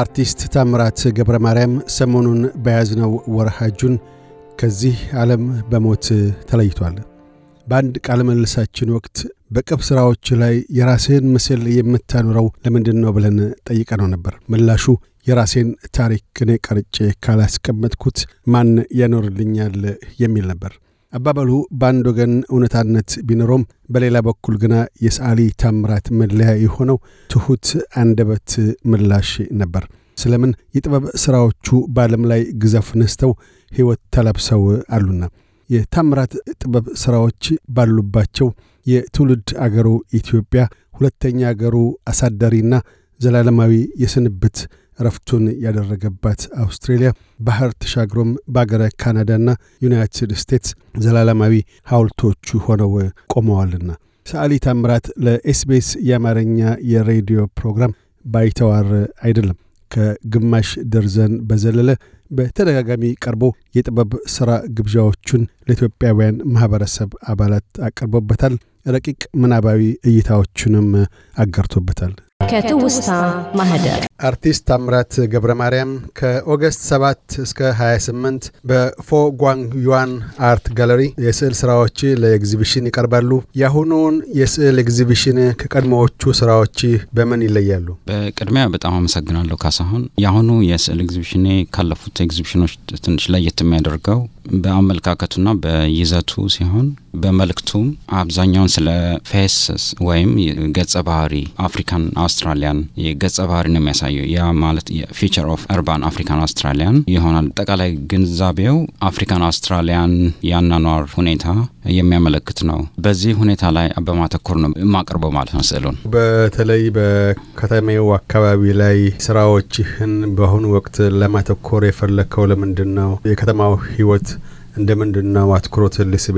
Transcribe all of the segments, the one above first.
አርቲስት ታምራት ገብረ ማርያም ሰሞኑን በያዝነው ወርሃ ጁን ከዚህ ዓለም በሞት ተለይቷል። በአንድ ቃለ መልሳችን ወቅት በቅብ ሥራዎች ላይ የራስህን ምስል የምታኖረው ለምንድን ነው ብለን ጠይቀነው ነበር። ምላሹ የራሴን ታሪክ እኔ ቀርጬ ካላስቀመጥኩት ማን ያኖርልኛል የሚል ነበር። አባባሉ በአንድ ወገን እውነታነት ቢኖረውም በሌላ በኩል ግና የሰዓሊ ታምራት መለያ የሆነው ትሑት አንደበት ምላሽ ነበር። ስለምን የጥበብ ሥራዎቹ በዓለም ላይ ግዘፍ ነስተው ሕይወት ተላብሰው አሉና የታምራት ጥበብ ሥራዎች ባሉባቸው የትውልድ አገሩ ኢትዮጵያ ሁለተኛ አገሩ አሳዳሪና ዘላለማዊ የስንብት ረፍቱን ያደረገባት አውስትሬልያ ባህር ተሻግሮም በአገረ ካናዳና ዩናይትድ ስቴትስ ዘላለማዊ ሐውልቶቹ ሆነው ቆመዋልና። ሰዓሊ ታምራት ለኤስቢኤስ የአማርኛ የሬዲዮ ፕሮግራም ባይተዋር አይደለም። ከግማሽ ደርዘን በዘለለ በተደጋጋሚ ቀርቦ የጥበብ ሥራ ግብዣዎቹን ለኢትዮጵያውያን ማኅበረሰብ አባላት አቅርቦበታል። ረቂቅ ምናባዊ እይታዎቹንም አጋርቶበታል። ከትውስታ ማህደር አርቲስት ታምራት ገብረ ማርያም ከኦገስት 7 እስከ 28 በፎ ዩዋን አርት ጋለሪ የስዕል ስራዎች ለኤግዚቢሽን ይቀርባሉ። የአሁኑን የስዕል ኤግዚቢሽን ከቀድሞዎቹ ስራዎች በምን ይለያሉ? በቅድሚያ በጣም አመሰግናለሁ ካሳሁን። የአሁኑ የስዕል ኤግዚቢሽኔ ካለፉት ኤግዚቢሽኖች ትንሽ ለየት የሚያደርገው በአመለካከቱና በይዘቱ ሲሆን በመልክቱም አብዛኛውን ስለ ፌስ ወይም ገጸ ባህሪ አፍሪካን አውስትራሊያን የገጸ ባህሪ ነው የሚያሳ የሚያሳየው። ያ ማለት ፊቸር ኦፍ አርባን አፍሪካን አውስትራሊያን ይሆናል። አጠቃላይ ግንዛቤው አፍሪካን አውስትራሊያን የአናኗር ሁኔታ የሚያመለክት ነው። በዚህ ሁኔታ ላይ በማተኮር ነው የማቀርበው ማለት ነው ስዕሉን። በተለይ በከተማው አካባቢ ላይ ስራዎችህን በአሁኑ ወቅት ለማተኮር የፈለግከው ለምንድን ነው? የከተማው ህይወት እንደ ምንድን ነው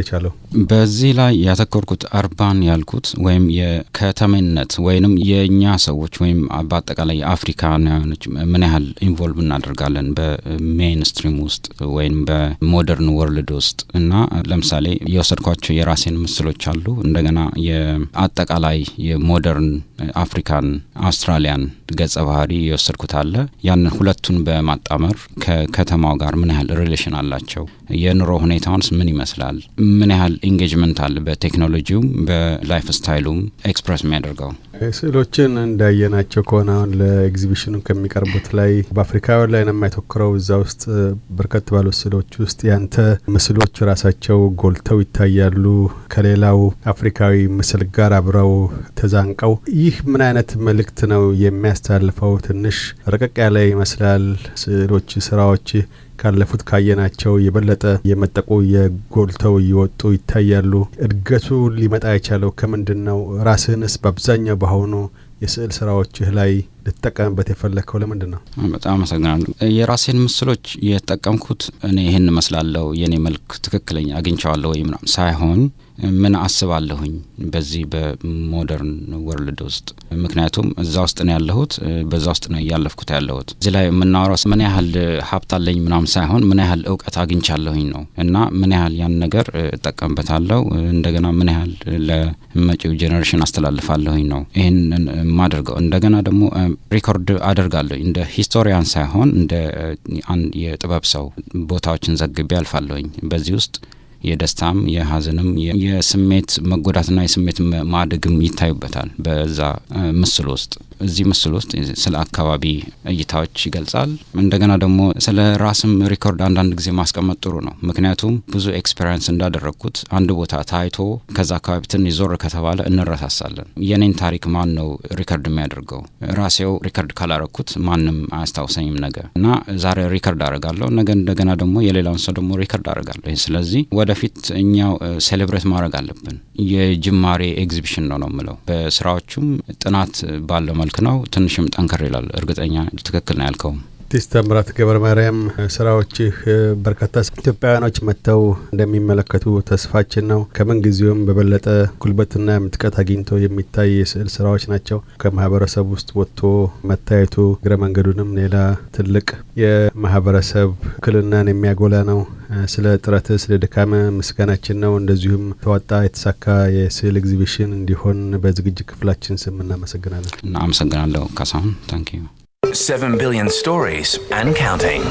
የቻለው? በዚህ ላይ ያተኮርኩት አርባን ያልኩት ወይም የከተሜነት ወይም የእኛ ሰዎች ወይም በአጠቃላይ የአፍሪካኖች ምን ያህል ኢንቮልቭ እናደርጋለን በሜንስትሪም ውስጥ ወይም በሞደርን ወርልድ ውስጥ እና ለምሳሌ የወሰድኳቸው የራሴን ምስሎች አሉ። እንደገና የአጠቃላይ የሞደርን አፍሪካን አውስትራሊያን ገጸ ባህሪ የወሰድኩት አለ። ያንን ሁለቱን በማጣመር ከከተማው ጋር ምን ያህል ሪሌሽን አላቸው፣ የኑሮ ሁኔታውንስ ምን ይመስላል፣ ምን ያህል ኢንጌጅመንት አለ በቴክኖሎጂውም በላይፍ ስታይሉም ኤክስፕረስ የሚያደርገው ስዕሎችን እንዳየናቸው ከሆነ አሁን ለኤግዚቢሽኑ ከሚቀርቡት ላይ በአፍሪካውያን ላይ ነው የማይተኩረው። እዛ ውስጥ በርከት ባሉ ስዕሎች ውስጥ ያንተ ምስሎች ራሳቸው ጎልተው ይታያሉ፣ ከሌላው አፍሪካዊ ምስል ጋር አብረው ተዛንቀው። ይህ ምን አይነት መልእክት ነው የሚያ የሚያስተላልፈው ትንሽ ረቀቅ ያለ ይመስላል። ስዕሎች፣ ስራዎች ካለፉት ካየናቸው የበለጠ የመጠቁ የጎልተው እየወጡ ይታያሉ። እድገቱ ሊመጣ የቻለው ከምንድን ነው? ራስህንስ በአብዛኛው በአሁኑ የስዕል ስራዎችህ ላይ ልትጠቀምበት የፈለግከው ለምንድን ነው? በጣም አመሰግናለሁ። የራሴን ምስሎች የተጠቀምኩት እኔ ይህን እመስላለሁ የእኔ መልክ ትክክለኛ አግኝቸዋለሁ ወይ ምናምን ሳይሆን ምን አስባለሁኝ በዚህ በሞደርን ወርልድ ውስጥ ምክንያቱም እዛ ውስጥ ነው ያለሁት፣ በዛ ውስጥ ነው እያለፍኩት ያለሁት። እዚህ ላይ የምናወራው ምን ያህል ሀብት አለኝ ሳይሆን ምን ያህል እውቀት አግኝቻለሁኝ ነው እና ምን ያህል ያን ነገር እጠቀምበታለሁ እንደገና ምን ያህል ለመጪው ጄኔሬሽን አስተላልፋለሁኝ ነው ይህን የማደርገው። እንደገና ደግሞ ሪኮርድ አደርጋለሁ እንደ ሂስቶሪያን ሳይሆን እንደ አንድ የጥበብ ሰው ቦታዎችን ዘግቤ አልፋለሁኝ በዚህ ውስጥ የደስታም የሀዘንም የስሜት መጎዳትና የስሜት ማደግም ይታዩበታል በዛ ምስል ውስጥ። እዚህ ምስል ውስጥ ስለ አካባቢ እይታዎች ይገልጻል። እንደገና ደግሞ ስለ ራስም ሪኮርድ አንዳንድ ጊዜ ማስቀመጥ ጥሩ ነው። ምክንያቱም ብዙ ኤክስፔሪንስ እንዳደረግኩት አንድ ቦታ ታይቶ ከዛ አካባቢ ትን ይዞር ከተባለ እንረሳሳለን። የኔን ታሪክ ማን ነው ሪከርድ የሚያደርገው? ራሴው ሪከርድ ካላረግኩት ማንም አያስታውሰኝም ነገ እና ዛሬ ሪከርድ አረጋለሁ ነገ እንደገና ደግሞ የሌላውን ሰው ደግሞ ሪከርድ አረጋለሁ። ስለዚህ ወደ ወደፊት እኛው ሴሌብሬት ማድረግ አለብን። የጅማሬ ኤግዚቢሽን ነው ነው የምለው። በስራዎቹም ጥናት ባለው መልክ ነው። ትንሽም ጠንከር ይላል። እርግጠኛ ትክክል ነው ያልከውም። አርቲስት ታምራት ገብረ ማርያም ስራዎችህ በርካታ ኢትዮጵያውያኖች መጥተው እንደሚመለከቱ ተስፋችን ነው። ከምን ጊዜውም በበለጠ ጉልበትና ምጥቀት አግኝቶ የሚታይ የስዕል ስራዎች ናቸው። ከማህበረሰብ ውስጥ ወጥቶ መታየቱ እግረ መንገዱንም ሌላ ትልቅ የማህበረሰብ ክልናን የሚያጎላ ነው። ስለ ጥረት ስለ ድካም ምስጋናችን ነው። እንደዚሁም ተዋጣ የተሳካ የስዕል ኤግዚቢሽን እንዲሆን በዝግጅት ክፍላችን ስም እናመሰግናለን። እናመሰግናለሁ ካሳሁን። ታንክ ዩ ቢሊዮን ስቶሪስ አንድ ካውንቲንግ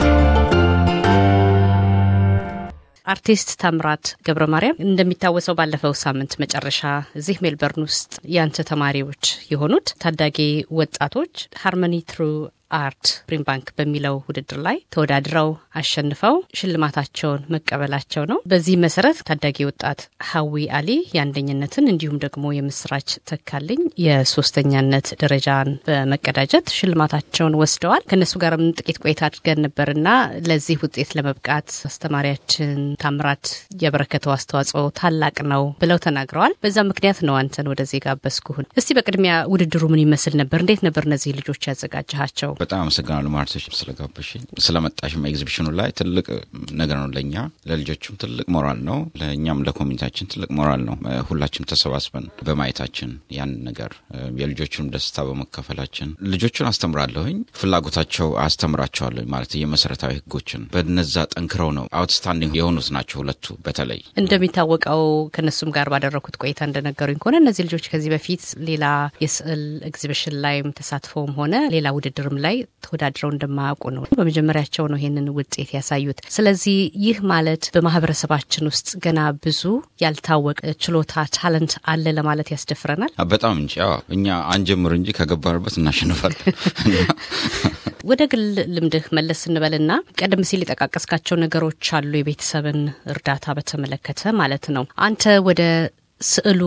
አርቲስት ታምራት ገብረ ማርያም እንደሚታወሰው ባለፈው ሳምንት መጨረሻ እዚህ ሜልበርን ውስጥ የአንተ ተማሪዎች የሆኑት ታዳጊ ወጣቶች ሃርመኒ ትሩ አርት ብሪም ባንክ በሚለው ውድድር ላይ ተወዳድረው አሸንፈው ሽልማታቸውን መቀበላቸው ነው። በዚህ መሰረት ታዳጊ ወጣት ሀዊ አሊ የአንደኝነትን እንዲሁም ደግሞ የምስራች ተካልኝ የሶስተኛነት ደረጃን በመቀዳጀት ሽልማታቸውን ወስደዋል። ከእነሱ ጋርም ጥቂት ቆይታ አድርገን ነበርና ለዚህ ውጤት ለመብቃት አስተማሪያችን ታምራት የበረከተው አስተዋጽኦ ታላቅ ነው ብለው ተናግረዋል። በዛ ምክንያት ነው አንተን ወደዚህ ጋበዝኩህን። እስቲ በቅድሚያ ውድድሩ ምን ይመስል ነበር? እንዴት ነበር እነዚህ ልጆች ያዘጋጀሃቸው? በጣም አመሰግናለሁ ማርቶች ስለጋበሽኝ ስለመጣሽ ኤግዚቢሽኑ ላይ ትልቅ ነገር ነው ለእኛ ለልጆችም ትልቅ ሞራል ነው ለእኛም ለኮሚኒቲችን ትልቅ ሞራል ነው ሁላችንም ተሰባስበን በማየታችን ያን ነገር የልጆቹንም ደስታ በመካፈላችን ልጆቹን አስተምራለሁኝ ፍላጎታቸው አስተምራቸዋለሁ ማለት የመሰረታዊ ህጎችን በነዛ ጠንክረው ነው አውትስታንዲንግ የሆኑት ናቸው ሁለቱ በተለይ እንደሚታወቀው ከነሱም ጋር ባደረኩት ቆይታ እንደነገሩኝ ከሆነ እነዚህ ልጆች ከዚህ በፊት ሌላ የስዕል ኤግዚቢሽን ላይም ተሳትፎም ሆነ ሌላ ውድድርም ላይ ተወዳድረው እንደማያውቁ ነው። በመጀመሪያቸው ነው ይህንን ውጤት ያሳዩት። ስለዚህ ይህ ማለት በማህበረሰባችን ውስጥ ገና ብዙ ያልታወቀ ችሎታ ታለንት አለ ለማለት ያስደፍረናል። በጣም እንጂ እኛ አንጀምር እንጂ ከገባንበት እናሸንፋለን። ወደ ግል ልምድህ መለስ እንበልና ቀደም ሲል የጠቃቀስካቸው ነገሮች አሉ። የቤተሰብን እርዳታ በተመለከተ ማለት ነው። አንተ ወደ ስዕሉ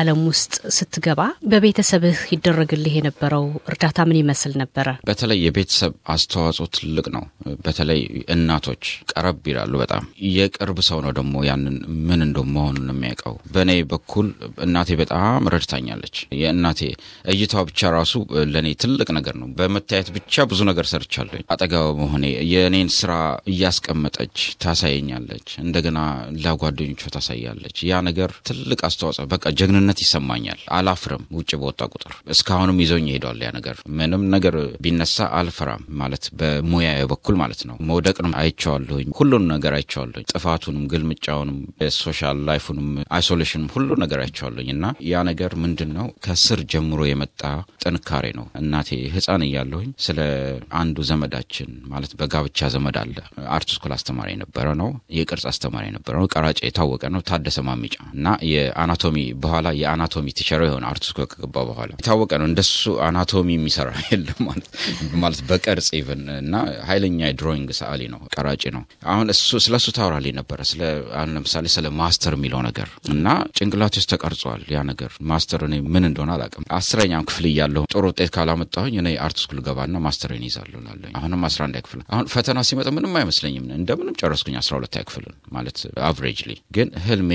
ዓለም ውስጥ ስትገባ በቤተሰብህ ይደረግልህ የነበረው እርዳታ ምን ይመስል ነበረ? በተለይ የቤተሰብ አስተዋጽኦ ትልቅ ነው። በተለይ እናቶች ቀረብ ይላሉ። በጣም የቅርብ ሰው ነው ደግሞ ያንን ምን እንደ መሆኑን የሚያውቀው። በእኔ በኩል እናቴ በጣም ረድታኛለች። የእናቴ እይታዋ ብቻ ራሱ ለእኔ ትልቅ ነገር ነው። በመታየት ብቻ ብዙ ነገር ሰርቻለኝ። አጠገባ መሆኔ የእኔን ስራ እያስቀመጠች ታሳየኛለች። እንደገና ለጓደኞቿ ታሳያለች። ያ ነገር ትልቅ አስተዋጽኦ በቃ ጀግንነት ይሰማኛል። አላፍርም። ውጭ በወጣ ቁጥር እስካሁንም ይዘውኝ ይሄዷል። ያ ነገር ምንም ነገር ቢነሳ አልፈራም ማለት በሙያ በኩል ማለት ነው። መውደቅንም አይቸዋለሁኝ፣ ሁሉን ነገር አይቸዋለሁኝ። ጥፋቱንም፣ ግልምጫውንም፣ ሶሻል ላይፉንም፣ አይሶሌሽንም ሁሉ ነገር አይቸዋለሁኝ እና ያ ነገር ምንድን ነው ከስር ጀምሮ የመጣ ጥንካሬ ነው። እናቴ ህፃን እያለሁኝ ስለ አንዱ ዘመዳችን ማለት በጋብቻ ዘመድ አለ አርት ስኩል አስተማሪ የነበረ ነው። የቅርጽ አስተማሪ የነበረ ነው። ቀራጭ የታወቀ ነው። ታደሰ ማሚጫ እና አናቶሚ በኋላ የአናቶሚ ቲቸሮ የሆነ አርቱ ከገባ በኋላ የታወቀ ነው እንደሱ አናቶሚ የሚሰራ የለም ማለት በቅርጽ ኢቨን እና ኃይለኛ የድሮይንግ ሰዓሊ ነው፣ ቀራጭ ነው። አሁን እሱ ስለ እሱ ታወራልኝ ነበረ። አሁን ለምሳሌ ስለ ማስተር የሚለው ነገር እና ጭንቅላቴ ውስጥ ተቀርጿል ያ ነገር ማስተር። እኔ ምን እንደሆነ አላውቅም። አስረኛም ክፍል እያለሁ ጥሩ ውጤት ካላመጣሁኝ እኔ አርት ስኩል ገባና ማስተርን ይዛለሁ እላለሁ። አሁንም አስራ አንድ ክፍል አሁን ፈተና ሲመጣ ምንም አይመስለኝም እንደምንም ጨረስኩኝ አስራ ሁለት ክፍልን ማለት አቨሬጅሊ። ግን ህልሜ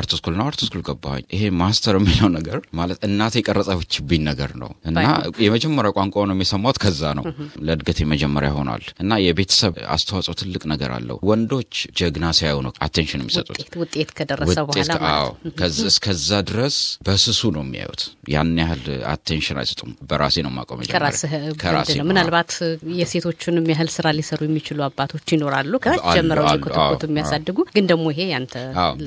አርት ስኩል ነው አርት ስኩል ገባኝ። ይሄ ማስተር የሚለው ነገር ማለት እናቴ የቀረጸችብኝ ነገር ነው እና የመጀመሪያ ቋንቋ ነው የሚሰማት ከዛ ነው ለእድገት የመጀመሪያ ሆኗል እና የቤተሰብ አስተዋጽኦ ትልቅ ነገር አለው። ወንዶች ጀግና ሲያዩ ነው አቴንሽን የሚሰጡት ውጤት ከደረሰ በኋላ እስከዛ ድረስ በስሱ ነው የሚያዩት። ያን ያህል አቴንሽን አይሰጡም። በራሴ ነው ማቆም ከራሴ ምናልባት የሴቶቹንም ያህል ስራ ሊሰሩ የሚችሉ አባቶች ይኖራሉ ከጀምረው ሊኮተኮቱ የሚያሳድጉ ግን ደግሞ ይሄ ያንተ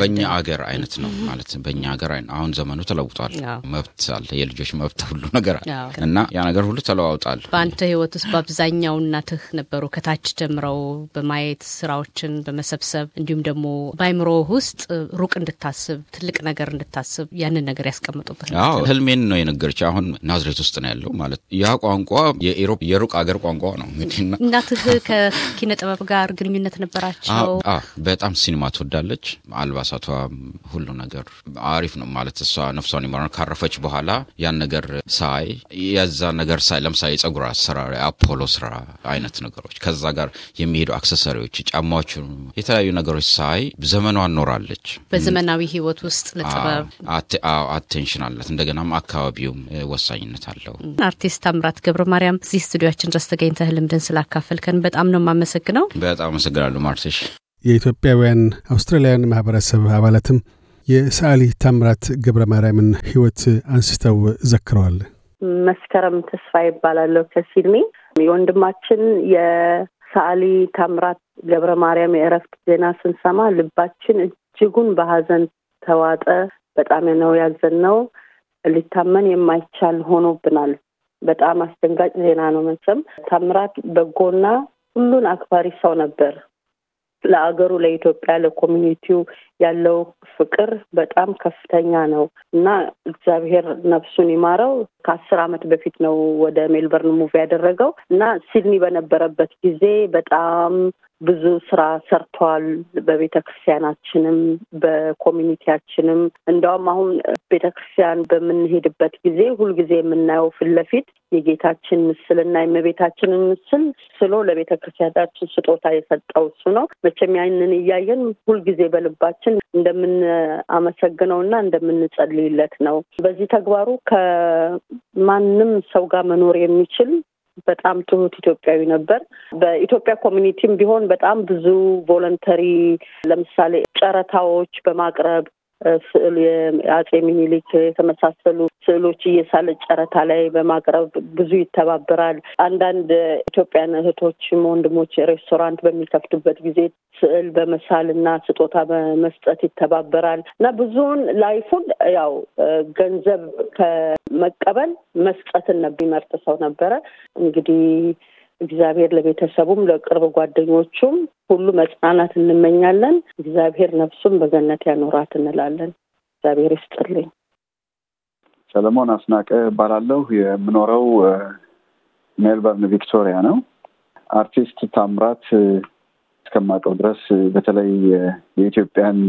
በእኛ አገር አይነት ነው ማለት በ በእኛ ሀገር አሁን ዘመኑ ተለውጧል። መብት አለ፣ የልጆች መብት ሁሉ ነገር አለ እና ያ ነገር ሁሉ ተለዋውጣል። በአንተ ህይወት ውስጥ በአብዛኛው እናትህ ነበሩ ከታች ጀምረው በማየት ስራዎችን በመሰብሰብ እንዲሁም ደግሞ በአይምሮ ውስጥ ሩቅ እንድታስብ ትልቅ ነገር እንድታስብ ያንን ነገር ያስቀምጡበት ህልሜን ነው የነገረች። አሁን ናዝሬት ውስጥ ነው ያለው ማለት ያ ቋንቋ የኢሮፕ የሩቅ ሀገር ቋንቋ ነው። እናትህ ከኪነ ጥበብ ጋር ግንኙነት ነበራቸው? በጣም ሲኒማ ትወዳለች። አልባሳቷ ሁሉ ነገር አሪፍ ነው ማለት እሷ ነፍሷን ይማራን ካረፈች በኋላ ያን ነገር ሳይ የዛ ነገር ሳይ ለምሳሌ የጸጉር አሰራር የአፖሎ ስራ አይነት ነገሮች ከዛ ጋር የሚሄዱ አክሰሰሪዎች፣ ጫማዎች፣ የተለያዩ ነገሮች ሳይ ዘመኗ ኖራለች። በዘመናዊ ህይወት ውስጥ ለጥበብ አቴንሽን አላት። እንደገናም አካባቢውም ወሳኝነት አለው። አርቲስት አምራት ገብረ ማርያም እዚህ ስቱዲዮችን ድረስ ተገኝተህ ልምድን ስላካፈልከን በጣም ነው የማመሰግነው። በጣም አመሰግናለሁ ማርሴሽ። የኢትዮጵያውያን አውስትራሊያን ማህበረሰብ አባላትም የሰዓሊ ታምራት ገብረ ማርያምን ህይወት አንስተው ዘክረዋል። መስከረም ተስፋ ይባላለሁ ከሲድኒ የወንድማችን የሰዓሊ ታምራት ገብረ ማርያም የእረፍት ዜና ስንሰማ ልባችን እጅጉን በሀዘን ተዋጠ። በጣም ነው ያዘን ነው ሊታመን የማይቻል ሆኖብናል። በጣም አስደንጋጭ ዜና ነው። መቼም ታምራት በጎና ሁሉን አክባሪ ሰው ነበር። ለአገሩ ለኢትዮጵያ ለኮሚኒቲው ያለው ፍቅር በጣም ከፍተኛ ነው እና እግዚአብሔር ነፍሱን ይማረው። ከአስር ዓመት በፊት ነው ወደ ሜልበርን ሙቪ ያደረገው እና ሲድኒ በነበረበት ጊዜ በጣም ብዙ ስራ ሰርተዋል። በቤተ ክርስቲያናችንም በኮሚኒቲያችንም እንደውም አሁን ቤተ ክርስቲያን በምንሄድበት ጊዜ ሁልጊዜ የምናየው ፊት ለፊት የጌታችን ምስልና የእመቤታችንን ምስል ስሎ ለቤተ ክርስቲያናችን ስጦታ የሰጠው እሱ ነው። መቼም ያንን እያየን ሁልጊዜ በልባችን እና እንደምንጸልይለት ነው። በዚህ ተግባሩ ከማንም ሰው ጋር መኖር የሚችል በጣም ትሁት ኢትዮጵያዊ ነበር። በኢትዮጵያ ኮሚኒቲም ቢሆን በጣም ብዙ ቮለንተሪ ለምሳሌ ጨረታዎች በማቅረብ ስዕል የአጼ ሚኒሊክ የተመሳሰሉ ስዕሎች እየሳለ ጨረታ ላይ በማቅረብ ብዙ ይተባበራል። አንዳንድ ኢትዮጵያን እህቶችም ወንድሞች ሬስቶራንት በሚከፍቱበት ጊዜ ስዕል በመሳል እና ስጦታ በመስጠት ይተባበራል እና ብዙውን ላይፉን ያው ገንዘብ ከመቀበል መስጠትን ነው የሚመርጥ ሰው ነበረ እንግዲህ እግዚአብሔር ለቤተሰቡም ለቅርብ ጓደኞቹም ሁሉ መጽናናት እንመኛለን። እግዚአብሔር ነፍሱም በገነት ያኖራት እንላለን። እግዚአብሔር ይስጥልኝ። ሰለሞን አስናቀ እባላለሁ። የምኖረው ሜልበርን ቪክቶሪያ ነው። አርቲስት ታምራት እስከማውቀው ድረስ በተለይ የኢትዮጵያን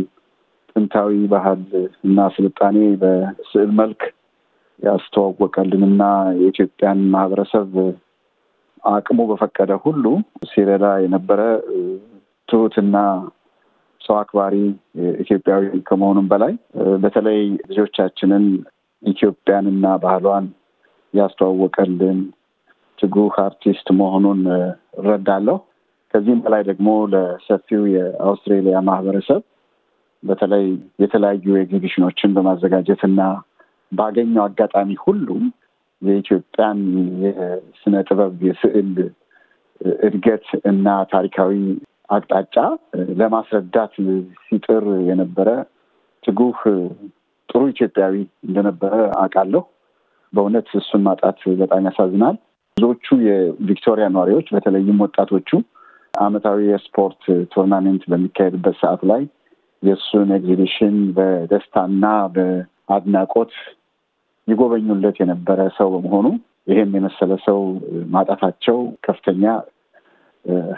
ጥንታዊ ባህል እና ስልጣኔ በስዕል መልክ ያስተዋወቀልን እና የኢትዮጵያን ማህበረሰብ አቅሙ በፈቀደ ሁሉ ሲረዳ የነበረ ትሁትና ሰው አክባሪ ኢትዮጵያዊ ከመሆኑም በላይ በተለይ ልጆቻችንን ኢትዮጵያንና ባህሏን ያስተዋወቀልን ትጉህ አርቲስት መሆኑን እረዳለሁ። ከዚህም በላይ ደግሞ ለሰፊው የአውስትሬሊያ ማህበረሰብ በተለይ የተለያዩ ኤግዚቢሽኖችን በማዘጋጀት እና ባገኘው አጋጣሚ ሁሉ የኢትዮጵያን የስነ ጥበብ የስዕል እድገት እና ታሪካዊ አቅጣጫ ለማስረዳት ሲጥር የነበረ ትጉህ ጥሩ ኢትዮጵያዊ እንደነበረ አውቃለሁ። በእውነት እሱን ማጣት በጣም ያሳዝናል። ብዙዎቹ የቪክቶሪያ ነዋሪዎች በተለይም ወጣቶቹ ዓመታዊ የስፖርት ቱርናሜንት በሚካሄድበት ሰዓት ላይ የእሱን ኤግዚቢሽን በደስታና በአድናቆት ይጎበኙለት የነበረ ሰው በመሆኑ ይሄም የመሰለ ሰው ማጣታቸው ከፍተኛ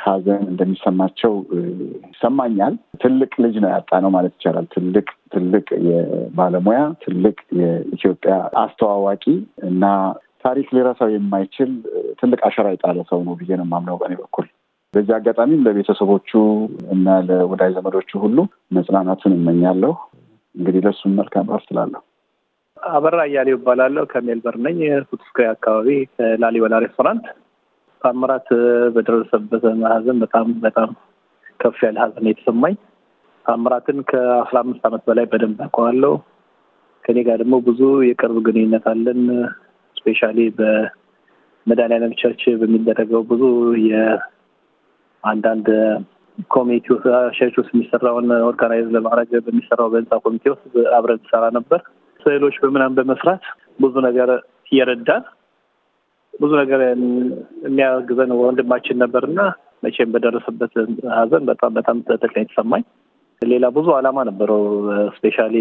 ሀዘን እንደሚሰማቸው ይሰማኛል። ትልቅ ልጅ ነው ያጣነው ማለት ይቻላል። ትልቅ ትልቅ የባለሙያ ትልቅ የኢትዮጵያ አስተዋዋቂ እና ታሪክ ሊረሳው የማይችል ትልቅ አሸራ የጣለ ሰው ነው ብዬ ነው የማምነው በእኔ በኩል። በዚህ አጋጣሚም ለቤተሰቦቹ እና ለወዳጅ ዘመዶቹ ሁሉ መጽናናትን እመኛለሁ። እንግዲህ ለሱም መልካም እረፍት ስላለሁ አበራ እያሌው ይባላለሁ። ከሜልበርን ነኝ። ፉትስክሬ አካባቢ ላሊበላ ሬስቶራንት ታምራት በደረሰበት ሐዘን በጣም በጣም ከፍ ያለ ሀዘን የተሰማኝ ታምራትን ከአስራ አምስት አመት በላይ በደንብ አውቀዋለሁ። ከኔ ጋር ደግሞ ብዙ የቅርብ ግንኙነት አለን። ስፔሻሊ በመድኃኔዓለም ቸርች በሚደረገው ብዙ የአንዳንድ ኮሚቴ ውስጥ ቸርች ውስጥ የሚሰራውን ኦርጋናይዝ ለማድረግ በሚሰራው በህንፃ ኮሚቴ ውስጥ አብረን ትሰራ ነበር። ስዕሎች በምናምን በመስራት ብዙ ነገር እየረዳን ብዙ ነገር የሚያግዘን ወንድማችን ነበርና መቼም በደረሰበት ሀዘን በጣም በጣም ትልቅ የተሰማኝ። ሌላ ብዙ አላማ ነበረው። ስፔሻሊ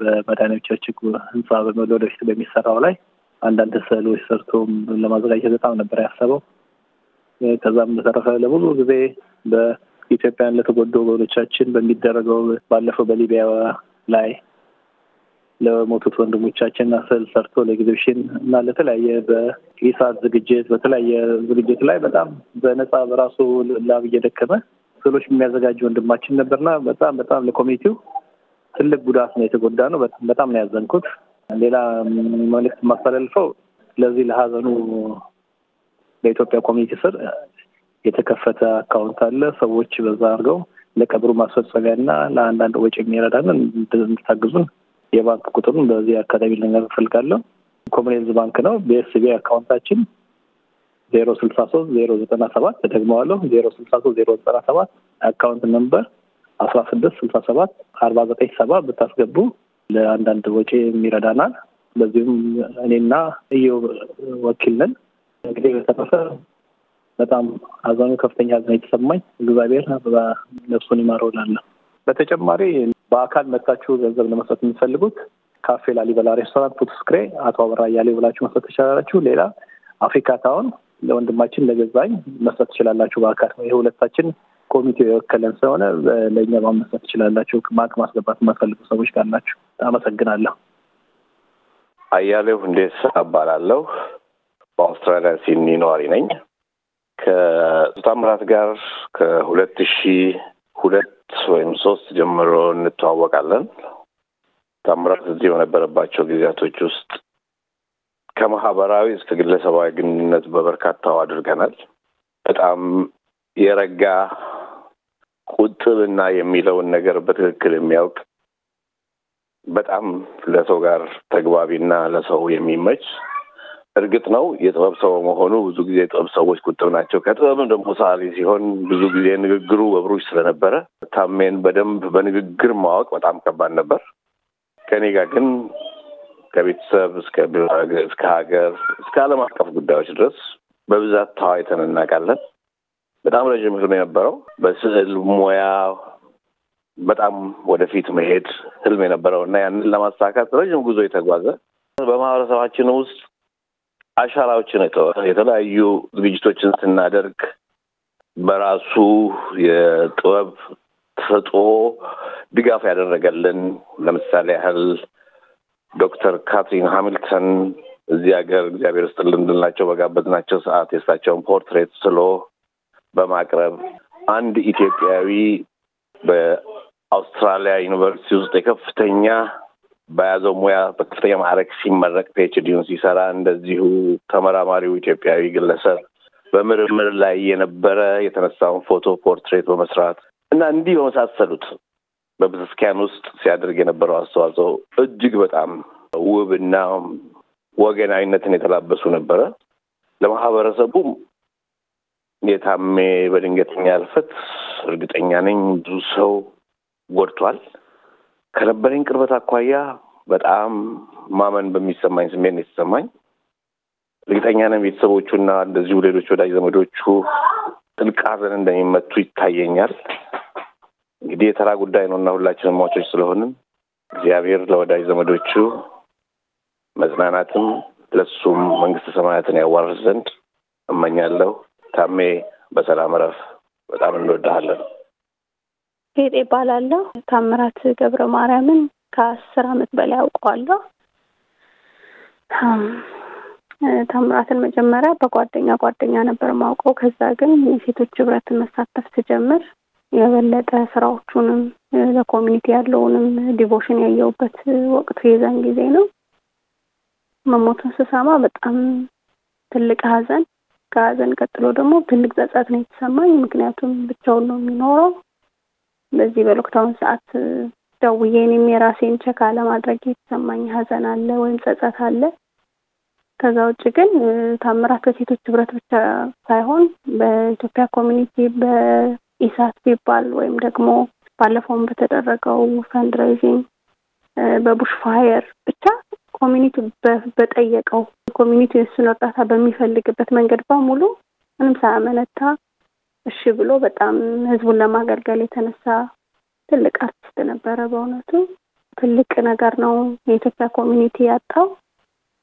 በመድኃኒቶቻችን ህንፃ ወደፊት በሚሰራው ላይ አንዳንድ ስዕሎች ሰርቶ ለማዘጋጀት በጣም ነበር ያሰበው። ከዛም በተረፈ ለብዙ ጊዜ በኢትዮጵያን ለተጎዱ ወገኖቻችን በሚደረገው ባለፈው በሊቢያ ላይ ለሞቱት ወንድሞቻችን ስዕል ሰርቶ ለኤግዚቢሽን እና ለተለያየ በኢሳት ዝግጅት በተለያየ ዝግጅት ላይ በጣም በነፃ በራሱ ላብ እየደከመ ስዕሎች የሚያዘጋጅ ወንድማችን ነበርና በጣም በጣም ለኮሚኒቲው ትልቅ ጉዳት ነው የተጎዳ ነው። በጣም ነው ያዘንኩት። ሌላ መልዕክት የማስተላልፈው ለዚህ ለሀዘኑ በኢትዮጵያ ኮሚኒቲ ስር የተከፈተ አካውንት አለ። ሰዎች በዛ አድርገው ለቀብሩ ማስፈጸሚያ እና ለአንዳንድ ወጪ የሚረዳንን እንድታግዙን የባንክ ቁጥሩን በዚህ አካባቢ ልነገር እፈልጋለሁ። ኮምሬልዝ ባንክ ነው። በኤስቢ አካውንታችን ዜሮ ስልሳ ሶስት ዜሮ ዘጠና ሰባት ተደግመዋለሁ። ዜሮ ስልሳ ሶስት ዜሮ ዘጠና ሰባት አካውንት ነምበር አስራ ስድስት ስልሳ ሰባት አርባ ዘጠኝ ሰባ ብታስገቡ ለአንዳንድ ወጪ የሚረዳናል። በዚሁም እኔና እዮ ወኪል ነን። እንግዲህ በተረፈ በጣም አዛኑ ከፍተኛ ሀዘን የተሰማኝ እግዚአብሔር ነፍሱን ይማረውላለሁ። በተጨማሪ በአካል መታችሁ ገንዘብ ለመስጠት የምትፈልጉት ካፌ ላሊበላ ሬስቶራንት ፑትስክሬ አቶ አበራ እያሌ ብላችሁ መስጠት ትችላላችሁ። ሌላ አፍሪካ ታውን ለወንድማችን ለገዛኝ መስጠት ትችላላችሁ። በአካል ይህ ሁለታችን ኮሚቴው የወከለን ስለሆነ ለእኛ ማመስጠት ትችላላችሁ። ማቅ ማስገባት የማትፈልጉ ሰዎች ካላችሁ አመሰግናለሁ። አያሌው እንዴት እባላለሁ። በአውስትራሊያ ሲድኒ ነዋሪ ነኝ። ከሶስት አመታት ጋር ከሁለት ሺህ ሁለት ሁለት ወይም ሶስት ጀምሮ እንተዋወቃለን። ታምራት እዚህ በነበረባቸው ጊዜያቶች ውስጥ ከማህበራዊ እስከ ግለሰባዊ ግንኙነት በበርካታው አድርገናል። በጣም የረጋ ቁጥብና የሚለውን ነገር በትክክል የሚያውቅ በጣም ለሰው ጋር ተግባቢና ለሰው የሚመች እርግጥ ነው የጥበብ ሰው መሆኑ ብዙ ጊዜ የጥበብ ሰዎች ቁጥብ ናቸው። ከጥበብም ደግሞ ሰዓሊ ሲሆን ብዙ ጊዜ ንግግሩ በብሩሽ ስለነበረ ታሜን በደንብ በንግግር ማወቅ በጣም ከባድ ነበር። ከኔ ጋር ግን ከቤተሰብ እስከ ሀገር እስከ ዓለም አቀፍ ጉዳዮች ድረስ በብዛት ተዋይተን እናውቃለን። በጣም ረዥም ህልም የነበረው በስዕል ሙያ በጣም ወደፊት መሄድ ህልም የነበረው እና ያንን ለማሳካት ረዥም ጉዞ የተጓዘ በማህበረሰባችን ውስጥ አሻራዎችን የተወ የተለያዩ ዝግጅቶችን ስናደርግ በራሱ የጥበብ ተሰጥኦ ድጋፍ ያደረገልን ለምሳሌ ያህል ዶክተር ካትሪን ሃሚልተን እዚህ ሀገር እግዚአብሔር ይስጥልን እንድንላቸው በጋበዝናቸው ሰዓት የእሳቸውን ፖርትሬት ስሎ በማቅረብ አንድ ኢትዮጵያዊ በአውስትራሊያ ዩኒቨርሲቲ ውስጥ የከፍተኛ በያዘው ሙያ በከፍተኛ ማዕረግ ሲመረቅ ፒኤችዲውን ሲሰራ እንደዚሁ ተመራማሪው ኢትዮጵያዊ ግለሰብ በምርምር ላይ የነበረ የተነሳውን ፎቶ ፖርትሬት በመስራት እና እንዲህ በመሳሰሉት በብዝስኪያን ውስጥ ሲያደርግ የነበረው አስተዋጽኦ እጅግ በጣም ውብ እና ወገናዊነትን የተላበሱ ነበረ። ለማህበረሰቡም የታሜ በድንገተኛ ህልፈት እርግጠኛ ነኝ ብዙ ሰው ጎድቷል። ከነበረኝ ቅርበት አኳያ በጣም ማመን በሚሰማኝ ስሜት ነው የተሰማኝ። እርግጠኛ ነኝ ቤተሰቦቹና እንደዚሁ ሌሎች ወዳጅ ዘመዶቹ ጥልቅ ሐዘን እንደሚመቱ ይታየኛል። እንግዲህ የተራ ጉዳይ ነው እና ሁላችንም ሟቾች ስለሆንም እግዚአብሔር ለወዳጅ ዘመዶቹ መጽናናትም ለሱም መንግስተ ሰማያትን ያዋርስ ዘንድ እመኛለሁ። ታሜ በሰላም እረፍ። በጣም እንወዳሃለን። ጌጤ እባላለሁ። ታምራት ገብረ ማርያምን ከአስር አመት በላይ አውቀዋለሁ። ታምራትን መጀመሪያ በጓደኛ ጓደኛ ነበር ማውቀው። ከዛ ግን የሴቶች ህብረት መሳተፍ ስጀምር የበለጠ ስራዎቹንም ለኮሚኒቲ ያለውንም ዲቮሽን ያየውበት ወቅቱ የዛን ጊዜ ነው። መሞቱን ስሰማ በጣም ትልቅ ሀዘን፣ ከሀዘን ቀጥሎ ደግሞ ትልቅ ጸጸት ነው የተሰማኝ። ምክንያቱም ብቻውን ነው የሚኖረው በዚህ በሎክዳውን ሰዓት ደውዬ እኔም የራሴን ቸክ አለማድረግ የተሰማኝ ሀዘን አለ ወይም ጸጸት አለ። ከዛ ውጭ ግን ታምራት በሴቶች ህብረት ብቻ ሳይሆን በኢትዮጵያ ኮሚኒቲ በኢሳት ቢባል ወይም ደግሞ ባለፈውም በተደረገው ፈንድሬዚንግ በቡሽፋየር ብቻ ኮሚኒቲ በጠየቀው ኮሚኒቲ የሱን እርዳታ በሚፈልግበት መንገድ በሙሉ ምንም ሳያመነታ እሺ ብሎ በጣም ህዝቡን ለማገልገል የተነሳ ትልቅ አርቲስት ነበረ። በእውነቱ ትልቅ ነገር ነው የኢትዮጵያ ኮሚኒቲ ያጣው።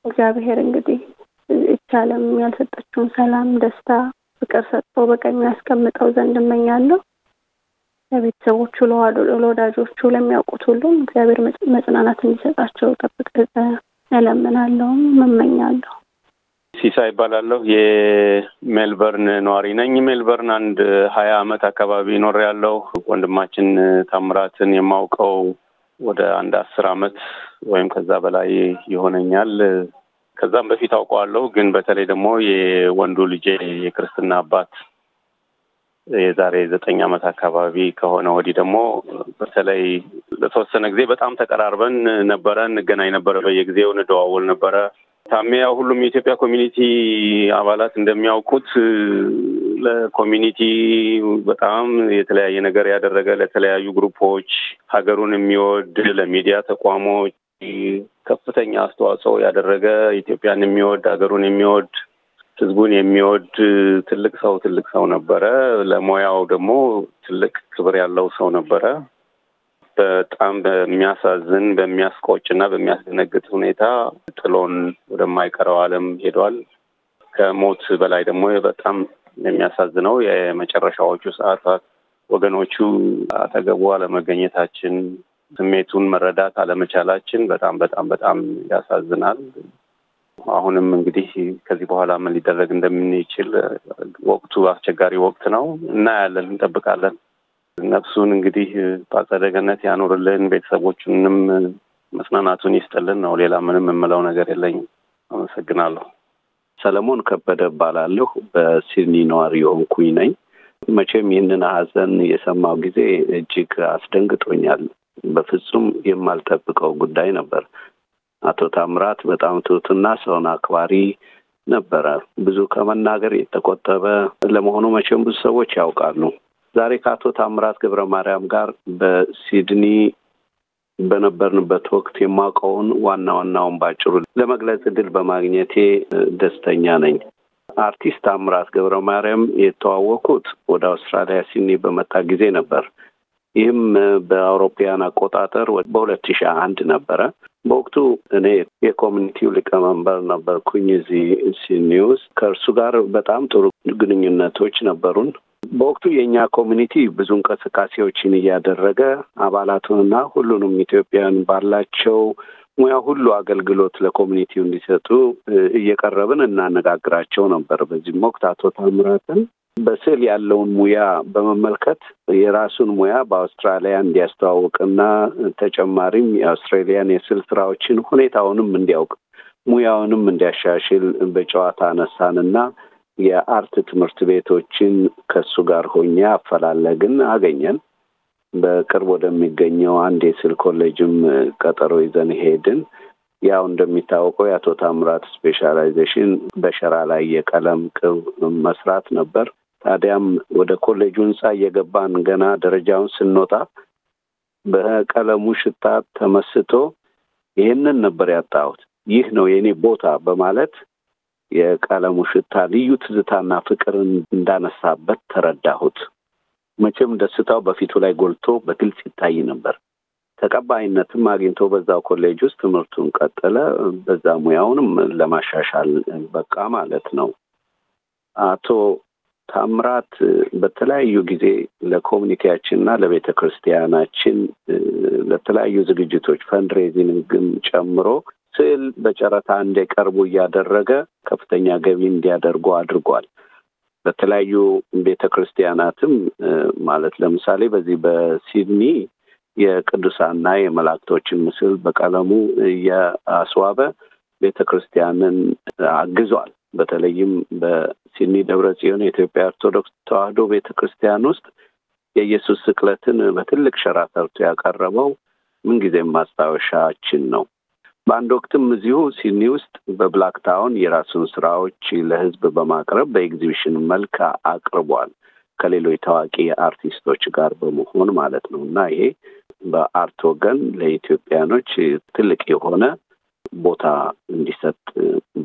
እግዚአብሔር እንግዲህ ይህች ዓለም ያልሰጠችውን ሰላም፣ ደስታ፣ ፍቅር ሰጥቶ በቀኙ ያስቀምጠው ዘንድ እመኛለሁ። ለቤተሰቦቹ፣ ለወዳጆቹ፣ ለሚያውቁት ሁሉም እግዚአብሔር መጽናናት እንዲሰጣቸው ጠብቅ እለምናለሁም እመኛለሁ። ሲሳይ ይባላለሁ። የሜልበርን ነዋሪ ነኝ። ሜልበርን አንድ ሀያ አመት አካባቢ ኖር ያለው ወንድማችን ታምራትን የማውቀው ወደ አንድ አስር አመት ወይም ከዛ በላይ ይሆነኛል። ከዛም በፊት አውቀዋለሁ፣ ግን በተለይ ደግሞ የወንዱ ልጄ የክርስትና አባት የዛሬ ዘጠኝ አመት አካባቢ ከሆነ ወዲህ ደግሞ በተለይ ለተወሰነ ጊዜ በጣም ተቀራርበን ነበረ። እንገናኝ ነበረ፣ በየጊዜው እንደዋወል ነበረ ታሜ ያው ሁሉም የኢትዮጵያ ኮሚኒቲ አባላት እንደሚያውቁት ለኮሚኒቲ በጣም የተለያየ ነገር ያደረገ ለተለያዩ ግሩፖች ሀገሩን የሚወድ ለሚዲያ ተቋሞች ከፍተኛ አስተዋጽኦ ያደረገ ኢትዮጵያን የሚወድ ሀገሩን የሚወድ ህዝቡን የሚወድ ትልቅ ሰው ትልቅ ሰው ነበረ። ለሙያው ደግሞ ትልቅ ክብር ያለው ሰው ነበረ። በጣም በሚያሳዝን በሚያስቆጭ እና በሚያስደነግጥ ሁኔታ ጥሎን ወደማይቀረው ዓለም ሄዷል። ከሞት በላይ ደግሞ በጣም የሚያሳዝነው የመጨረሻዎቹ ሰዓታት ወገኖቹ አጠገቡ አለመገኘታችን፣ ስሜቱን መረዳት አለመቻላችን በጣም በጣም በጣም ያሳዝናል። አሁንም እንግዲህ ከዚህ በኋላ ምን ሊደረግ እንደምንችል ወቅቱ አስቸጋሪ ወቅት ነው። እናያለን፣ እንጠብቃለን። ነፍሱን እንግዲህ በአጸደ ገነት ያኑርልን፣ ቤተሰቦቹንም መጽናናቱን ይስጥልን ነው። ሌላ ምንም የምለው ነገር የለኝም። አመሰግናለሁ። ሰለሞን ከበደ እባላለሁ። በሲድኒ ነዋሪ የሆንኩኝ ነኝ። መቼም ይህንን ሀዘን የሰማው ጊዜ እጅግ አስደንግጦኛል። በፍጹም የማልጠብቀው ጉዳይ ነበር። አቶ ታምራት በጣም ትሁትና ሰውን አክባሪ ነበረ። ብዙ ከመናገር የተቆጠበ ለመሆኑ መቼም ብዙ ሰዎች ያውቃሉ። ዛሬ ከአቶ ታምራት ገብረ ማርያም ጋር በሲድኒ በነበርንበት ወቅት የማውቀውን ዋና ዋናውን ባጭሩ ለመግለጽ እድል በማግኘቴ ደስተኛ ነኝ። አርቲስት ታምራት ገብረ ማርያም የተዋወቁት ወደ አውስትራሊያ ሲድኒ በመጣ ጊዜ ነበር። ይህም በአውሮፓውያን አቆጣጠር በሁለት ሺ አንድ ነበረ። በወቅቱ እኔ የኮሚኒቲው ሊቀመንበር ነበርኩኝ እዚህ ሲድኒ ውስጥ። ከእርሱ ጋር በጣም ጥሩ ግንኙነቶች ነበሩን። በወቅቱ የእኛ ኮሚኒቲ ብዙ እንቅስቃሴዎችን እያደረገ አባላቱንና ሁሉንም ኢትዮጵያውያን ባላቸው ሙያ ሁሉ አገልግሎት ለኮሚኒቲው እንዲሰጡ እየቀረብን እናነጋግራቸው ነበር። በዚህም ወቅት አቶ ታምራትን በስዕል ያለውን ሙያ በመመልከት የራሱን ሙያ በአውስትራሊያ እንዲያስተዋውቅና ተጨማሪም የአውስትራሊያን የስዕል ስራዎችን ሁኔታውንም እንዲያውቅ ሙያውንም እንዲያሻሽል በጨዋታ አነሳንና የአርት ትምህርት ቤቶችን ከሱ ጋር ሆኜ አፈላለግን፣ አገኘን። በቅርብ ወደሚገኘው አንድ የስል ኮሌጅም ቀጠሮ ይዘን ሄድን። ያው እንደሚታወቀው የአቶ ታምራት ስፔሻላይዜሽን በሸራ ላይ የቀለም ቅብ መስራት ነበር። ታዲያም ወደ ኮሌጁ ህንፃ እየገባን ገና ደረጃውን ስንወጣ በቀለሙ ሽታ ተመስቶ ይህንን ነበር ያጣሁት፣ ይህ ነው የኔ ቦታ በማለት የቀለሙ ሽታ ልዩ ትዝታና ፍቅርን እንዳነሳበት ተረዳሁት። መቼም ደስታው በፊቱ ላይ ጎልቶ በግልጽ ይታይ ነበር። ተቀባይነትም አግኝቶ በዛው ኮሌጅ ውስጥ ትምህርቱን ቀጠለ። በዛ ሙያውንም ለማሻሻል በቃ ማለት ነው። አቶ ታምራት በተለያዩ ጊዜ ለኮሚኒቲያችን እና ለቤተ ክርስቲያናችን ለተለያዩ ዝግጅቶች ፈንድሬዚንግም ጨምሮ ስዕል በጨረታ እንዲቀርቡ እያደረገ ከፍተኛ ገቢ እንዲያደርጉ አድርጓል። በተለያዩ ቤተ ክርስቲያናትም ማለት ለምሳሌ በዚህ በሲድኒ የቅዱሳንና የመላእክቶችን ምስል በቀለሙ እያስዋበ ቤተ ክርስቲያንን አግዟል። በተለይም በሲድኒ ደብረ ጽዮን የኢትዮጵያ ኦርቶዶክስ ተዋሕዶ ቤተ ክርስቲያን ውስጥ የኢየሱስ ስቅለትን በትልቅ ሸራ ሰርቶ ያቀረበው ምንጊዜም ማስታወሻችን ነው። በአንድ ወቅትም እዚሁ ሲድኒ ውስጥ በብላክ ታውን የራሱን ስራዎች ለህዝብ በማቅረብ በኤግዚቢሽን መልክ አቅርቧል። ከሌሎች ታዋቂ አርቲስቶች ጋር በመሆን ማለት ነው እና ይሄ በአርት ወገን ለኢትዮጵያኖች ትልቅ የሆነ ቦታ እንዲሰጥ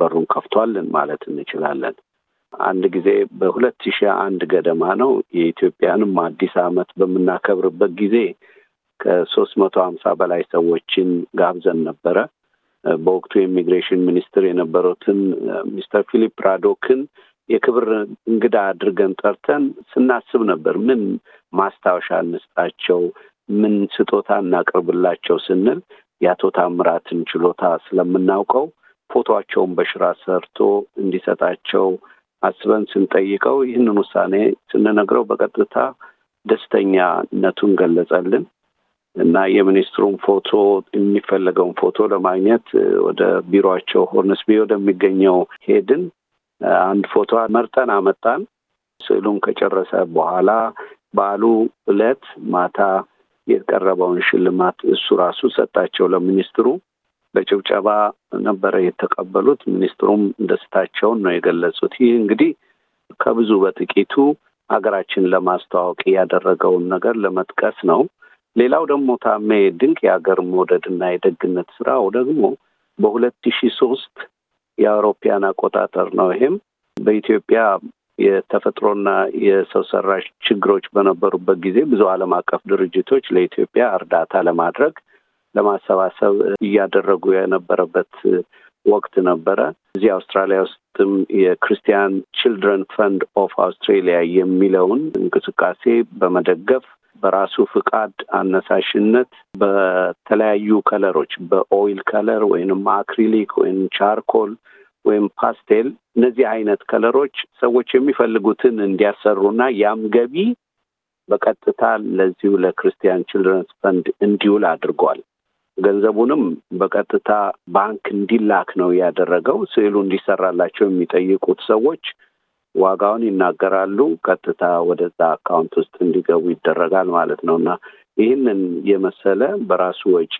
በሩን ከፍቷልን ማለት እንችላለን። አንድ ጊዜ በሁለት ሺ አንድ ገደማ ነው የኢትዮጵያንም አዲስ አመት በምናከብርበት ጊዜ ከሶስት መቶ ሀምሳ በላይ ሰዎችን ጋብዘን ነበረ። በወቅቱ የኢሚግሬሽን ሚኒስትር የነበሩትን ሚስተር ፊሊፕ ራዶክን የክብር እንግዳ አድርገን ጠርተን ስናስብ ነበር። ምን ማስታወሻ እንስጣቸው፣ ምን ስጦታ እናቅርብላቸው ስንል የአቶ ታምራትን ችሎታ ስለምናውቀው ፎቶቸውን በሽራ ሰርቶ እንዲሰጣቸው አስበን ስንጠይቀው ይህንን ውሳኔ ስንነግረው በቀጥታ ደስተኛነቱን ገለጸልን። እና የሚኒስትሩን ፎቶ የሚፈለገውን ፎቶ ለማግኘት ወደ ቢሮቸው ሆርንስቢ ወደሚገኘው ሄድን። አንድ ፎቶ መርጠን አመጣን። ስዕሉን ከጨረሰ በኋላ በዓሉ ዕለት ማታ የቀረበውን ሽልማት እሱ ራሱ ሰጣቸው ለሚኒስትሩ። በጭብጨባ ነበረ የተቀበሉት። ሚኒስትሩም ደስታቸውን ነው የገለጹት። ይህ እንግዲህ ከብዙ በጥቂቱ ሀገራችን ለማስተዋወቅ ያደረገውን ነገር ለመጥቀስ ነው። ሌላው ደግሞ ታሜ ድንቅ የሀገር መውደድና የደግነት ስራው ደግሞ በሁለት ሺ ሶስት የአውሮፓያን አቆጣጠር ነው። ይሄም በኢትዮጵያ የተፈጥሮና የሰው ሰራሽ ችግሮች በነበሩበት ጊዜ ብዙ ዓለም አቀፍ ድርጅቶች ለኢትዮጵያ እርዳታ ለማድረግ ለማሰባሰብ እያደረጉ የነበረበት ወቅት ነበረ። እዚህ አውስትራሊያ ውስጥም የክርስቲያን ችልድረን ፈንድ ኦፍ አውስትሬሊያ የሚለውን እንቅስቃሴ በመደገፍ በራሱ ፍቃድ አነሳሽነት በተለያዩ ከለሮች በኦይል ከለር ወይንም አክሪሊክ ወይም ቻርኮል ወይም ፓስቴል እነዚህ አይነት ከለሮች ሰዎች የሚፈልጉትን እንዲያሰሩና ያም ገቢ በቀጥታ ለዚሁ ለክርስቲያን ችልድረንስ ፈንድ እንዲውል አድርጓል። ገንዘቡንም በቀጥታ ባንክ እንዲላክ ነው ያደረገው። ስዕሉ እንዲሰራላቸው የሚጠይቁት ሰዎች ዋጋውን ይናገራሉ። ቀጥታ ወደዛ አካውንት ውስጥ እንዲገቡ ይደረጋል ማለት ነው እና ይህንን የመሰለ በራሱ ወጪ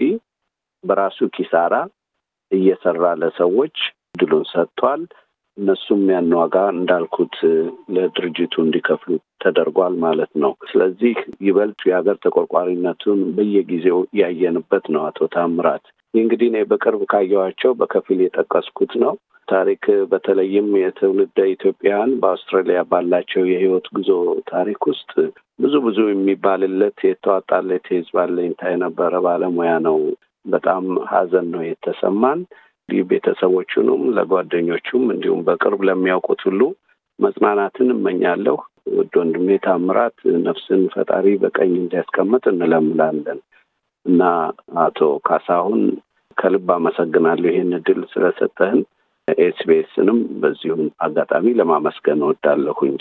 በራሱ ኪሳራ እየሰራ ለሰዎች ድሉን ሰጥቷል። እነሱም ያን ዋጋ እንዳልኩት ለድርጅቱ እንዲከፍሉ ተደርጓል ማለት ነው። ስለዚህ ይበልጥ የሀገር ተቆርቋሪነቱን በየጊዜው ያየንበት ነው። አቶ ታምራት ይህ እንግዲህ እኔ በቅርብ ካየኋቸው በከፊል የጠቀስኩት ነው። ታሪክ በተለይም የትውልደ ኢትዮጵያን በአውስትራሊያ ባላቸው የህይወት ጉዞ ታሪክ ውስጥ ብዙ ብዙ የሚባልለት የተዋጣለት የህዝብ አለኝታ የነበረ ባለሙያ ነው። በጣም ሀዘን ነው የተሰማን። እንዲህ ቤተሰቦቹንም ለጓደኞቹም እንዲሁም በቅርብ ለሚያውቁት ሁሉ መጽናናትን እመኛለሁ። ውድ ወንድሜ ታምራት ነፍስን ፈጣሪ በቀኝ እንዲያስቀምጥ እንለምላለን እና አቶ ካሳሁን ከልብ አመሰግናለሁ ይህን እድል ስለሰጠህን። ኤስቢኤስንም በዚሁም አጋጣሚ ለማመስገን ወዳለሁኝ።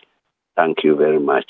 ታንኪዩ ቨሪ ማች